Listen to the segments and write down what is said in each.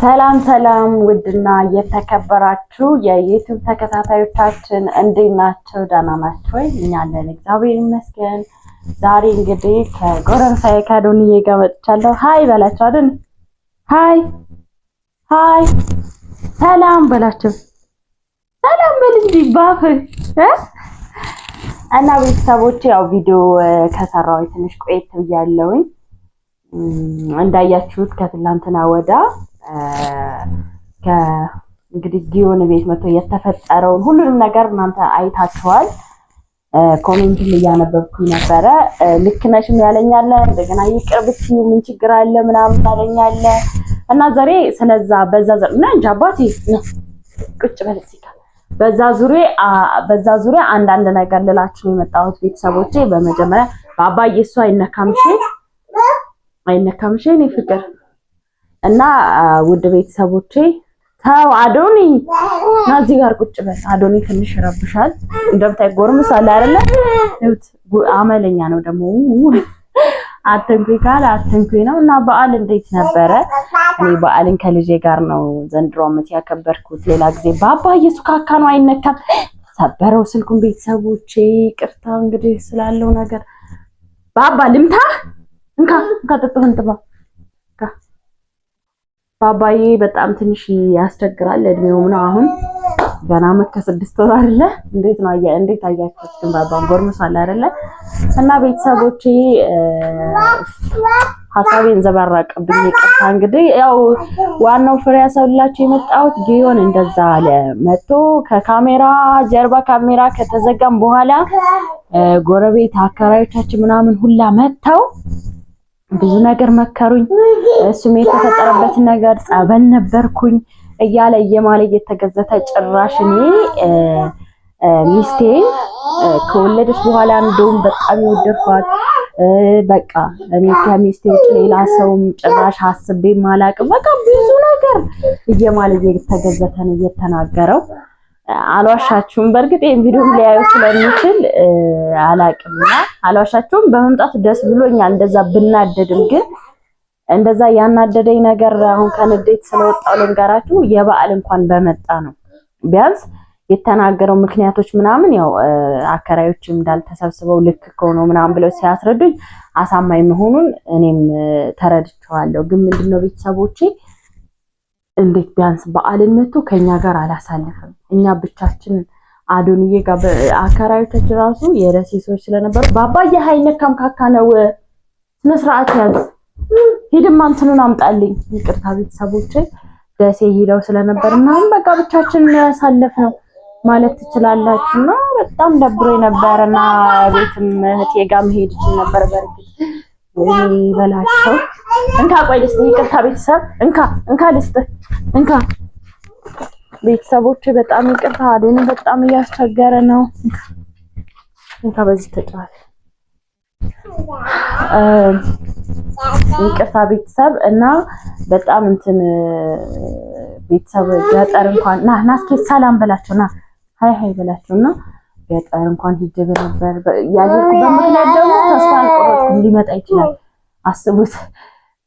ሰላም ሰላም ውድና የተከበራችሁ የዩቲዩብ ተከታታዮቻችን እንዴት ናቸው? ደህና ናቸው ወይ? እኛ አለን እግዚአብሔር ይመስገን። ዛሬ እንግዲህ ከጎረምሳዬ ከአዶንዬ ጋር መጥቻለሁ። ሀይ በላቸው አይደል? ሀይ ሀይ፣ ሰላም በላቸው። ሰላም በል እንጂ እና ቤተሰቦቼ፣ ያው ቪዲዮ ከሰራው ትንሽ ቆየት ብያለሁኝ። እንዳያችሁት ከትላንትና ወዳ እንግዲህ ጊዮን ቤት መጥቶ የተፈጠረውን ሁሉንም ነገር እናንተ አይታችኋል። ኮሜንትን እያነበብኩኝ ነበረ። ልክ ነሽም ያለኛለ እንደገና ይቅር ብትይው ምን ችግር አለ ምናምን ያለኛለ እና ዛሬ ስለዛ በዛ ዘር እና እንጂ አባቴ ነው ቁጭ በለስካ በዛ ዙሪያ በዛ ዙሪያ አንዳንድ ነገር ልላችሁ የመጣሁት ቤተሰቦቼ። በመጀመሪያ በአባዬ እሱ አይነካምሽ አይነካምሽ ፍቅር እና ውድ ቤተሰቦቼ ተው አዶኒ ና እዚህ ጋር ቁጭ በል አዶኒ ትንሽ ረብሻል እንደምታይ ጎርምሳል አይደለ አመለኛ ነው ደግሞ አትንኩኝ ካለ አትንኩኝ ነው እና በዓል እንዴት ነበረ እኔ በዓልን ከልጄ ጋር ነው ዘንድሮ ዓመት ያከበርኩት ሌላ ጊዜ ባባ ካካ ነው አይነካም ሰበረው ስልኩን ቤተሰቦቼ ቅርታ እንግዲህ ስላለው ነገር ባባ ልምታ እንካ እንካ ጥጥህን ጥባ ባባዬ በጣም ትንሽ ያስቸግራል እድሜው ምናምን። አሁን ገና ዓመት ከስድስት ወር አይደለ? እንዴት ነው አያ እንዴት አያችሁት? ግን ባባን ጎርምሷል አይደለ? እና ቤተሰቦቼ ሀሳቤን ዘባራቅብኝ ይቅርታ። እንግዲህ ያው ዋናው ፍሬ ያሰብላችሁ የመጣሁት ጊዮን እንደዛ አለ መጥቶ ከካሜራ ጀርባ ካሜራ ከተዘጋም በኋላ ጎረቤት አከራዮቻችን ምናምን ሁላ መጥተው ብዙ ነገር መከሩኝ። እሱም የተፈጠረበት ነገር ጸበል ነበርኩኝ እያለ እየማለ እየተገዘተ ጭራሽ እኔ ሚስቴ ከወለደች በኋላ እንደውም በጣም የወደድኳት በቃ እኔ ከሚስቴ ውጭ ሌላ ሰውም ጭራሽ አስቤ ማላቅም በቃ ብዙ ነገር እየማለ እየተገዘተ ነው እየተናገረው አልዋሻችሁም። በእርግጥ ይሄን ቪዲዮም ሊያዩ ስለሚችል አላቅምና አልዋሻችሁም። በመምጣት ደስ ብሎኛል። እንደዛ ብናደድም ግን እንደዛ ያናደደኝ ነገር አሁን ከንዴት ስለወጣው ልንገራችሁ፣ የበዓል እንኳን በመጣ ነው ቢያንስ የተናገረው ምክንያቶች ምናምን ያው አከራዮች እንዳልተሰብስበው ልክ ከሆነ ምናምን ብለው ሲያስረዱኝ አሳማኝ መሆኑን እኔም ተረድቸዋለሁ ግን ምንድነው ቤተሰቦቼ እንዴት ቢያንስ በዓልን መቶ ከኛ ጋር አላሳልፍም። እኛ ብቻችን አዶንዬ ጋር አከራዮቻችን ራሱ የደሴ ሰዎች ስለነበሩ በአባዬ ሀይነካም ካካ ነው። ስነ ያዝ ሂድማ እንትኑን አምጣልኝ። ይቅርታ ቤተሰቦች ደሴ ሄደው ስለነበር ምናምን በቃ ብቻችን ያሳለፍ ነው ማለት ትችላላችሁ። እና በጣም ደብሮ ነበርና ቤትም እህቴ ጋር መሄድ ይችል ነበር በርግጥ ይበላቸው። እንካ ቆይ ልስጥህ፣ ይቅርታ ቤተሰብ። እንካ እንካ ልስጥህ፣ እንካ ቤተሰቦች፣ በጣም ይቅርታ አዶኒ በጣም እያስቸገረ ነው። እንካ በዚህ ተጫዋል፣ ይቅርታ ቤተሰብ እና በጣም እንትን ቤተሰብ ገጠር እንኳን ና ና ሰላም በላቸው ና ሀይ ሀይ በላቸው እና ገጠር እንኳን ሂጅ ነበር ያየሁበት ምክንያት ደግሞ ተስፋ አልቆረጥኩም። ሊመጣ ይችላል አስቡት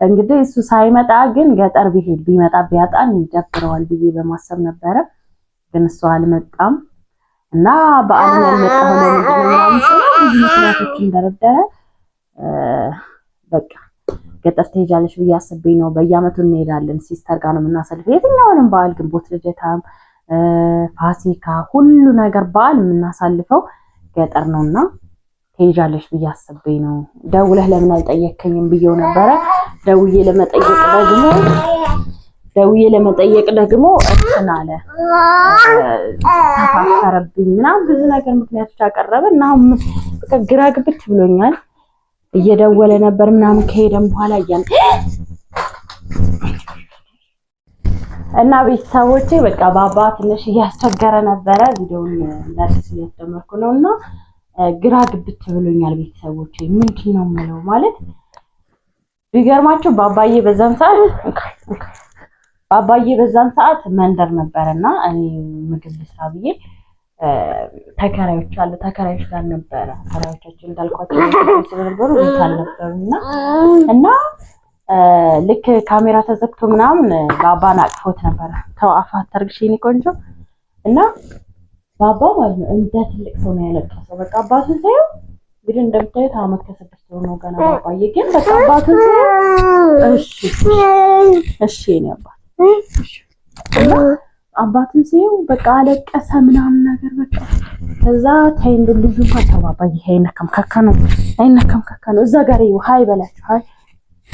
እንግዲህ። እሱ ሳይመጣ ግን ገጠር ቢሄድ ቢመጣ ቢያጣን ይደብረዋል ብዬ በማሰብ ነበረ። ግን እሱ አልመጣም እና በዓል ያልመጣ ሆነ እንደረደረ በቃ ገጠር ትሄጃለሽ ብዬ አስቤ ነው። በየአመቱ እንሄዳለን ሲስተር ጋር ነው የምናሳልፈው የትኛውንም በዓል ግንቦት ልደታም ፋሲካ፣ ሁሉ ነገር በዓል የምናሳልፈው ገጠር ነውና ትሄጃለሽ ብዬ አስቤ ነው። ደውለህ ለምን አልጠየከኝም ብዬው ነበረ። ደውዬ ለመጠየቅ ደግሞ ደውዬ ለመጠየቅ ደግሞ እንትን አለ ተፋፈረብኝ ምናምን ብዙ ነገር ምክንያቶች አቀረበ እና ግራ ግብት ብሎኛል። እየደወለ ነበር ምናምን ከሄደም በኋላ እያ እና ቤተሰቦቼ በቃ ባባ ትንሽ እያስቸገረ ነበረ። ቪዲዮውን መልስ እያስደመርኩ ነው እና ግራ ግብት ብሎኛል ቤተሰቦቼ። ምንድን ነው የምለው ማለት ቢገርማችሁ ባባዬ በዛን ሰዓት ባባዬ በዛን ሰዓት መንደር ነበረና እኔ ምግብ ልስራ ብዬ ተከራዮች አሉ ተከራዮች ጋር ነበረ። ተከራዮቻችን እንዳልኳቸው ስለነበሩ ቤት አልነበሩም እና እና ልክ ካሜራ ተዘግቶ ምናምን ባባን አቅፎት ነበረ። ተው አፋ አታርግሽ የኔ ቆንጆ። እና ባባ ማለት ነው እንደ ትልቅ ሰው ነው ያለቀሰው። በቃ አባቱን ሳይሆን እንግዲህ እንደምታዩት አመት ከስድስት ሆኖ ነው ገና ባባዬ። ግን በቃ አባቱን ሳይሆን እሺ፣ እሺ የኔ አባት እና አባቱን ሳይሆን በቃ አለቀሰ ምናምን ነገር በቃ ከዛ ታይንድ ልጁ ማለት ባባዬ አይነካም ካካ ነው አይነካም ካካ ነው እዛ ጋር ይው ሀይ በላችሁ ሀይ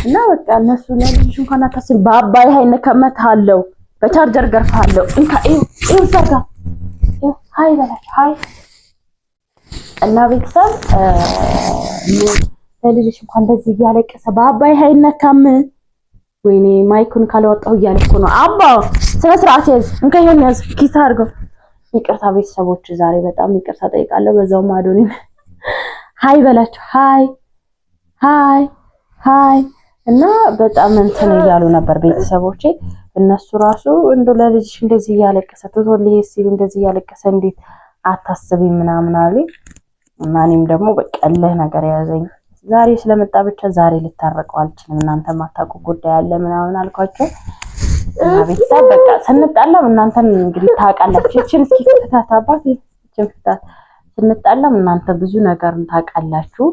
እና በቃ እነሱ ለልጅ እንኳን አታስብ። በአባይ ሀይነ ከመት አለው በቻርጀር ገርፋለሁ። እንካ እዩ እዩ ዘጋ ሀይ በላት ሀይ እና ቤተሰብ ለልጅሽ እንኳን በዚህ እያለቀሰ በአባይ ሀይነካም። ወይኔ ማይኩን ካላወጣሁ እያለኩ ነው። አባ ስነ ስርዓት ያዝ፣ እንካ ይሄን ያዝ፣ ኪስ አድርገው። ይቅርታ ቤተሰቦች፣ ዛሬ በጣም ይቅርታ ጠይቃለሁ። በዛውም አዶኒ ሀይ በላቸው ሀይ ሀይ ሀይ እና በጣም እንትን እያሉ ነበር ቤተሰቦቼ። እነሱ ራሱ እንዶ ለልጅሽ እንደዚህ እያለቀሰ ትቶልኝ ሲል እንደዚህ እያለቀሰ እንዴት አታስቢ ምናምን አሉ። እና እኔም ደግሞ በቀልህ ነገር ያዘኝ። ዛሬ ስለመጣ ብቻ ዛሬ ልታረቀው አልችልም፣ እናንተ ማታውቁ ጉዳይ አለ ምናምን አልኳቸው። ቤተሰብ በቃ ስንጣላም እናንተን እንግዲህ ታውቃላችሁ። ይችን እስኪ ፍታት አባት፣ ይችን ፍታት። ስንጣላም እናንተ ብዙ ነገር ታውቃላችሁ፣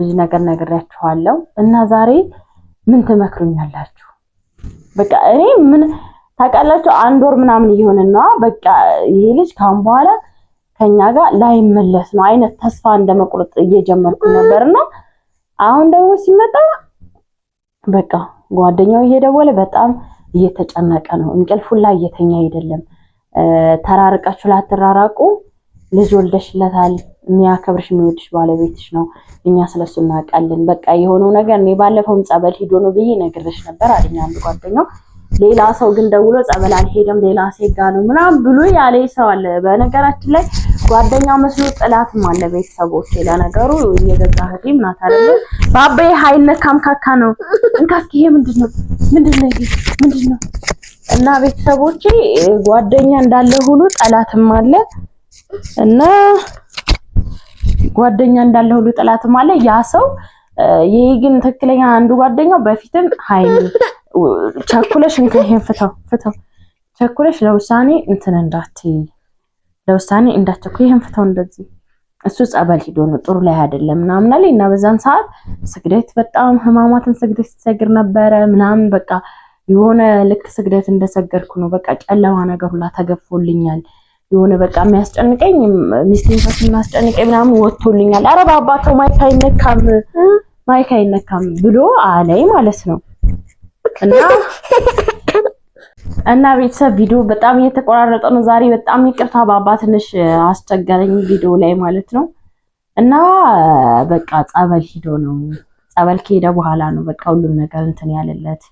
ብዙ ነገር ነግሬያችኋለሁ እና ዛሬ ምን ትመክሩኛላችሁ? በቃ እኔ ምን ታውቃላችሁ፣ አንድ ወር ምናምን እየሆንን ነዋ። በቃ ይሄ ልጅ ካሁን በኋላ ከኛ ጋር ላይመለስ ነው አይነት ተስፋ እንደመቁረጥ እየጀመርኩ ነበርና አሁን ደግሞ ሲመጣ በቃ ጓደኛው እየደወለ በጣም እየተጨነቀ ነው። እንቅልፉን ላይ እየተኛ አይደለም። ተራርቃችሁ ላትራራቁ ልጅ ወልደሽለታል። የሚያከብርሽ የሚወድሽ ባለቤትሽ ነው። እኛ ስለሱ እናውቃለን። በቃ የሆነው ነገር እኔ ባለፈውም ጸበል ሂዶ ነው ብዬ ነግርሽ ነበር አለኝ አንድ ጓደኛው። ሌላ ሰው ግን ደውሎ ጸበል አልሄደም ሌላ ሴት ጋር ነው ምናምን ብሎ ያለ ሰው አለ። በነገራችን ላይ ጓደኛው መስሎ ጥላትም አለ። ቤተሰቦች ለነገሩ የገዛ ህዲም ናት አይደለ? ባባዬ ሀይነካም ካካ ነው እንካስኪ። ይሄ ምንድን ነው? ምንድን ነው? ምንድን ነው? እና ቤተሰቦቼ ጓደኛ እንዳለ ሁሉ ጠላትም አለ። እና ጓደኛ እንዳለ ሁሉ ጠላትም አለ። ያ ሰው ይሄ ግን ትክክለኛ አንዱ ጓደኛው በፊትም ሀይሚ ቸኩለሽ እንትን ይሄን ፍተው ፍተው ቸኩለሽ ለውሳኔ እንትን እንዳትይ ለውሳኔ እንዳትቸኩ ይሄን ፍተው እንደዚህ እሱ ጸበል ሂዶ ነው ጥሩ ላይ አይደለም ምናምን አለኝ እና በዛን ሰዓት ስግደት በጣም ህማማትን ስግደት ሲሰግር ነበረ ምናምን በቃ የሆነ ልክ ስግደት እንደሰገርኩ ነው በቃ ጨለማ ነገር ሁላ ተገፎልኛል። የሆነ በቃ የሚያስጨንቀኝ ሚስቴን ፈስ የሚያስጨንቀኝ ምናምን ወጥቶልኛል። አረ ባባተው ማይክ አይነካም፣ ማይክ አይነካም ብሎ አለኝ ማለት ነው። እና እና ቤተሰብ ቪዲዮ በጣም እየተቆራረጠ ነው ዛሬ። በጣም ይቅርታ ባባ ትንሽ አስቸገረኝ ቪዲዮ ላይ ማለት ነው። እና በቃ ጸበል ሂዶ ነው ጸበል ከሄደ በኋላ ነው በቃ ሁሉም ነገር እንትን ያለለት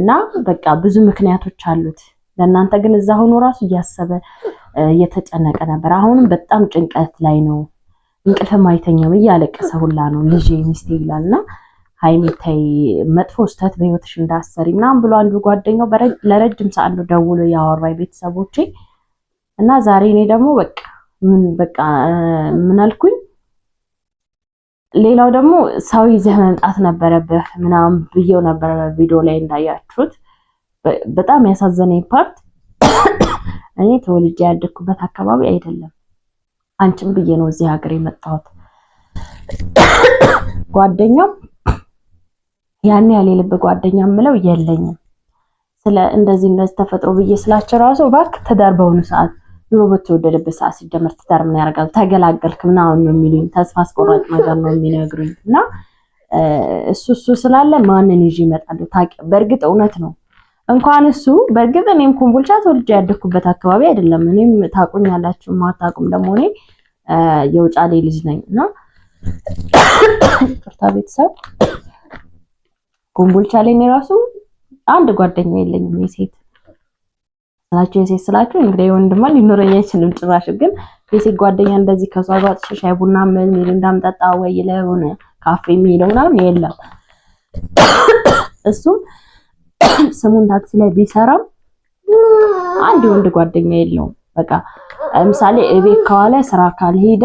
እና በቃ ብዙ ምክንያቶች አሉት። ለእናንተ ግን እዛ ሆኖ ራሱ እያሰበ እየተጨነቀ ነበር። አሁንም በጣም ጭንቀት ላይ ነው፣ እንቅልፍም አይተኛም፣ እያለቀሰ ሁላ ነው ልጄ ሚስቴ ይላል እና ሀይሚታይ መጥፎ ስህተት በህይወትሽ እንዳሰሪ ምናምን ብሎ አንዱ ጓደኛው ለረጅም ሰዓት ነው ደውሎ ያወራኝ ቤተሰቦቼ እና ዛሬ እኔ ደግሞ በቃ ምን በቃ ምን አልኩኝ። ሌላው ደግሞ ሰው ይዘህ መምጣት ነበረብህ ምናምን ብዬው ነበረ ቪዲዮ ላይ እንዳያችሁት። በጣም ያሳዘነኝ ፓርት እኔ ተወልጄ ያደግኩበት አካባቢ አይደለም። አንቺም ብዬ ነው እዚህ ሀገር የመጣሁት። ጓደኛም ያን የልብ ጓደኛ ምለው የለኝም። ስለ እንደዚህ እንደዚህ ተፈጥሮ ብዬ ስላቸው ራሱ እባክህ ትዳር በሆኑ ሰዓት ኑሮ በተወደደበት ሰዓት ሲደመር ትዳር ምን ያደርጋል ተገላገልክ ምናምን ነው የሚሉኝ። ተስፋ አስቆራጭ ነገር ነው የሚነግሩኝ እና እሱ እሱ ስላለ ማንን ይዤ እመጣለሁ? ታውቂ፣ በእርግጥ እውነት ነው እንኳን እሱ በእርግጥ እኔም ኮምቦልቻ ተወልጄ ያደግኩበት አካባቢ አይደለም። እኔም ታቁኝ ያላችሁ ማታቁም ደግሞ እኔ የውጫሌ ልጅ ነኝ እና ቅርታ ቤተሰብ ኮምቦልቻ ላይ እኔ ራሱ አንድ ጓደኛ የለኝም የሴት ስላችሁ የሴት ስላችሁ እንግዲህ ወንድማ ሊኖረኝ አይችልም ጭራሽ። ግን የሴት ጓደኛ እንደዚህ ከሷ ጋር ሻይ ቡና ምን ሚል እንዳምጠጣ ወይ ለሆነ ካፌ የሚለው ምናምን የለም እሱም ስሙን ታክሲ ላይ ቢሰራም አንድ ወንድ ጓደኛ የለውም። በቃ ለምሳሌ እቤት ከዋለ ስራ ካልሄደ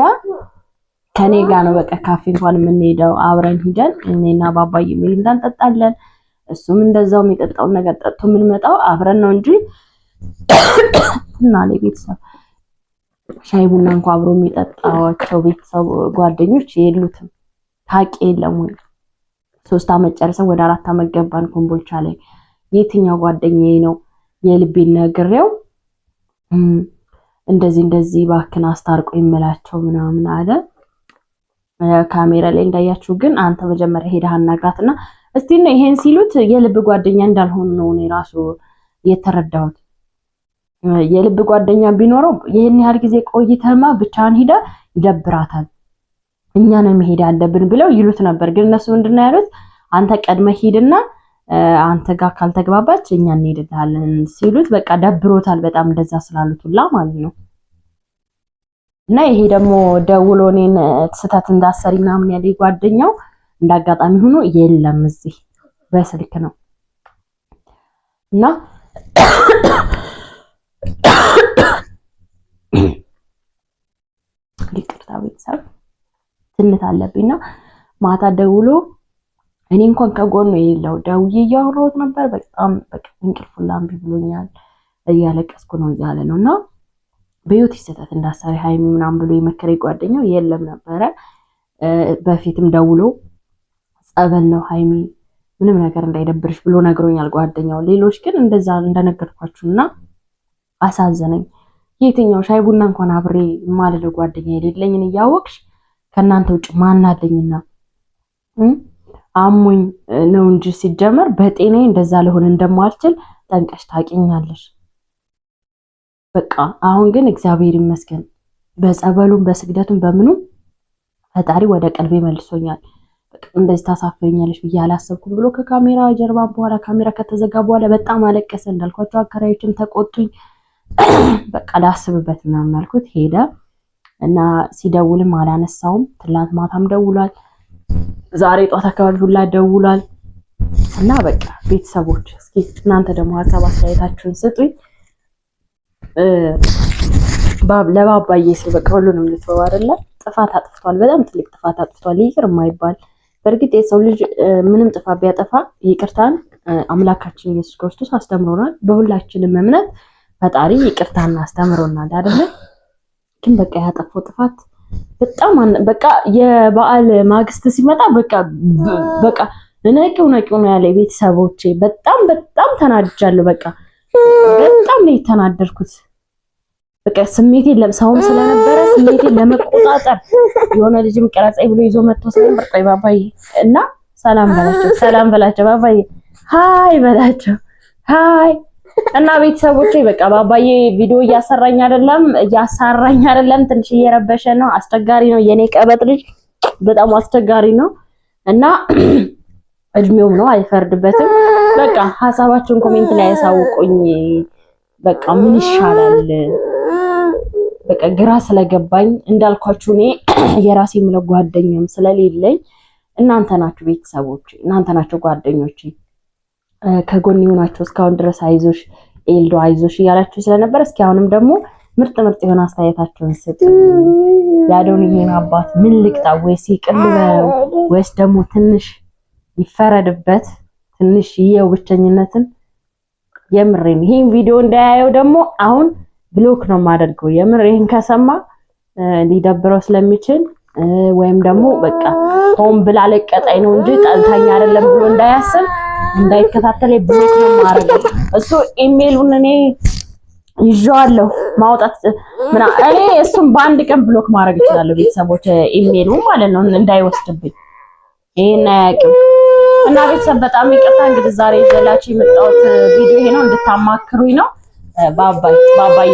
ከኔ ጋር ነው በቃ ካፌ እንኳን የምንሄደው አብረን ሂደን እኔና ባባዬ ሚሪንዳ እንዳንጠጣለን። እሱም እንደዛው የሚጠጣውን ነገር ጠጥቶ የምንመጣው አብረን ነው እንጂ እና ቤተሰብ ሻይ ቡና እንኳ አብሮ የሚጠጣቸው ቤተሰብ ጓደኞች የሉትም። ታውቂ የለም ወይ ሶስት አመት ጨርሰን ወደ አራት አመት ገባን ኮምቦልቻ ላይ የትኛው ጓደኛዬ ነው የልቤን ነግሬው እንደዚህ እንደዚህ እባክን አስታርቆ ይመላቸው ምናምን አለ። ካሜራ ላይ እንዳያችሁ ግን አንተ መጀመሪያ ሄደህ አናግራትና እስቲ ነው ይሄን ሲሉት የልብ ጓደኛ እንዳልሆኑ ነው እኔ ራሱ የተረዳሁት። የልብ ጓደኛ ቢኖረው ይህን ያህል ጊዜ ቆይተማ ብቻህን ሂደ ይደብራታል፣ እኛ ነው መሄድ ያለብን ብለው ይሉት ነበር። ግን እነሱ ምንድን ነው ያሉት? አንተ ቀድመ ሂድና አንተ ጋር ካልተግባባች እኛ እንሄድልሃለን ሲሉት በቃ ደብሮታል በጣም እንደዛ ስላሉት ሁላ ማለት ነው። እና ይሄ ደግሞ ደውሎ እኔን ስህተት እንዳሰሪ ምናምን ያለ ጓደኛው እንዳጋጣሚ ሆኖ የለም እዚህ በስልክ ነው እና ይቅርታ ቤተሰብ ትንት አለብኝና ማታ ደውሎ እኔ እንኳን ከጎኑ የሌለው ደውዬ እያወራሁት ነበር። በጣም በቃ እንቅልፍ ብሎኛል፣ እያለቀስኩ ነው እያለ ነው እና በህይወት ይሰጠት እንዳሰሪ ሀይሚ ምናምን ብሎ የመከረ ጓደኛው የለም ነበረ። በፊትም ደውሎ ጸበል ነው ሀይሚ ምንም ነገር እንዳይደብርሽ ብሎ ነግሮኛል ጓደኛው። ሌሎች ግን እንደዛ እንደነገርኳችሁ እና አሳዘነኝ። የትኛው ሻይ ቡና እንኳን አብሬ የማልለው ጓደኛ የሌለኝን እያወቅሽ ከእናንተ ውጭ ማናለኝና አሙኝ ነው እንጂ ሲጀመር በጤናዬ እንደዛ ልሆን እንደማልችል ጠንቀሽ ታውቂኛለሽ። በቃ አሁን ግን እግዚአብሔር ይመስገን በጸበሉም በስግደቱም በምኑም ፈጣሪ ወደ ቀልቤ መልሶኛል። እንደዚህ ታሳፍኛለሽ ብዬ አላሰብኩም ብሎ ከካሜራ ጀርባ በኋላ ካሜራ ከተዘጋ በኋላ በጣም አለቀሰ። እንዳልኳቸው አከራዮችም ተቆጡኝ። በቃ ላስብበት ምናምን አልኩት። ሄደ እና ሲደውልም አላነሳውም። ትላንት ማታም ደውሏል። ዛሬ ጧት አካባቢ ሁላ ደውሏል እና በቃ ቤተሰቦች እስኪ እናንተ ደግሞ ሀሳብ አስተያየታችሁን ስጡኝ። ለባባዬ ስል በቃ ሁሉንም ልትበው አይደለም። ጥፋት አጥፍቷል፣ በጣም ትልቅ ጥፋት አጥፍቷል። ይቅር የማይባል በእርግጥ የሰው ልጅ ምንም ጥፋት ቢያጠፋ ይቅርታን አምላካችን ኢየሱስ ክርስቶስ አስተምሮናል። በሁላችንም እምነት ፈጣሪ ይቅርታን አስተምሮናል አይደለም። ግን በቃ ያጠፈው ጥፋት በጣም በቃ የበዓል ማግስት ሲመጣ በቃ በቃ እነቂው ነቂው ነው ያለ ቤተሰቦቼ። በጣም በጣም ተናድጃለሁ። በቃ በጣም ነው የተናደርኩት። በቃ ስሜቴን ለምሳውም ስለነበረ ስሜቴን ለመቆጣጠር የሆነ ልጅም ቀረጻይ ብሎ ይዞ መጥቶ ስለነበር ቆይ ባባዬ እና ሰላም በላቸው፣ ሰላም በላቸው፣ ባባዬ ሀይ በላቸው፣ ሀይ እና ቤተሰቦቼ በቃ ባባዬ ቪዲዮ እያሰራኝ አይደለም፣ እያሰራኝ አይደለም። ትንሽ እየረበሸ ነው። አስቸጋሪ ነው። የኔ ቀበጥ ልጅ በጣም አስቸጋሪ ነው እና እድሜውም ነው አይፈርድበትም። በቃ ሀሳባችሁን ኮሜንት ላይ ያሳውቁኝ። በቃ ምን ይሻላል? በቃ ግራ ስለገባኝ እንዳልኳችሁ እኔ የራሴ የምለው ጓደኛም ስለሌለኝ እናንተ ናችሁ ቤተሰቦች፣ እናንተ ናችሁ ጓደኞቼ ከጎን የሆናችሁ እስካሁን ድረስ አይዞሽ ኤልዶ አይዞሽ እያላችሁ ስለነበር እስኪ አሁንም ደግሞ ምርጥ ምርጥ የሆነ አስተያየታቸውን ስጥ። ያደውን ይሄን አባት ምን ልቅጣ? ወይስ ይቅልበው? ወይስ ደግሞ ትንሽ ይፈረድበት? ትንሽ ይየው ብቸኝነትን። የምሬን ይሄን ቪዲዮ እንዳያየው ደግሞ አሁን ብሎክ ነው የማደርገው። የምር ይህን ከሰማ ሊደብረው ስለሚችል ወይም ደግሞ በቃ ሆን ብላ ለቀጣይ ነው እንጂ ጠልታኛ አይደለም ብሎ እንዳያስብ እንዳይከታተል ብሎክ ነው ማረገው። እሱ ኢሜሉን እኔ ይዣዋለሁ ማውጣት ምና እኔ እሱን በአንድ ቀን ብሎክ ማድረግ እችላለሁ። ቤተሰቦች ኢሜሉ ማለት ነው እንዳይወስድብኝ ይሄን አያውቅም። እና ቤተሰብ በጣም ይቅርታ እንግዲህ ዛሬ ይዤላችሁ የመጣሁት ቪዲዮ ይሄ ነው። እንድታማክሩኝ ነው። ባባይ ባባይ